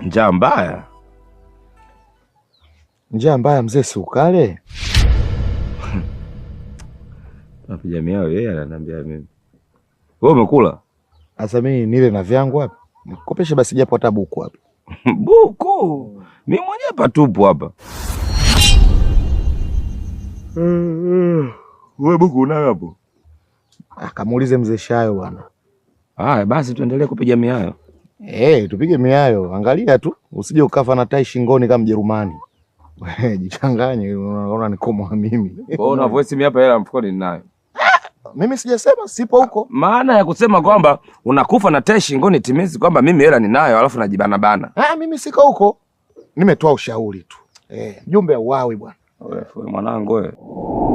Njaa mbaya, njaa mbaya mzee, sukale ukale Jamii yao yeye ananiambia mimi, wewe umekula? Sasa mimi nile na vyangu hapa, nikopeshe basi japo hata buku hapa Buku, mi mwenye patupu hapa. Eh, eh, We Buku, unayo hapo? Akamuulize ah, mzee Shayo bwana. aya basi, tuendelee kupiga miayo. Hey, eh, tupige miayo, angalia tu usije ukafa na tai shingoni kama Mjerumani. Jichanganye, unaona nikomwa mimi. Wewe una hapa, hela mfukoni ninayo. Mimi sijasema sipo huko. Ah, maana ya kusema kwamba unakufa na tai shingoni timizi kwamba mimi hela ninayo alafu najibana bana. Ah, mimi siko huko. Nimetoa ushauri tu. Eh, mjumbe auawi bwana. Wewe mwanangu wewe.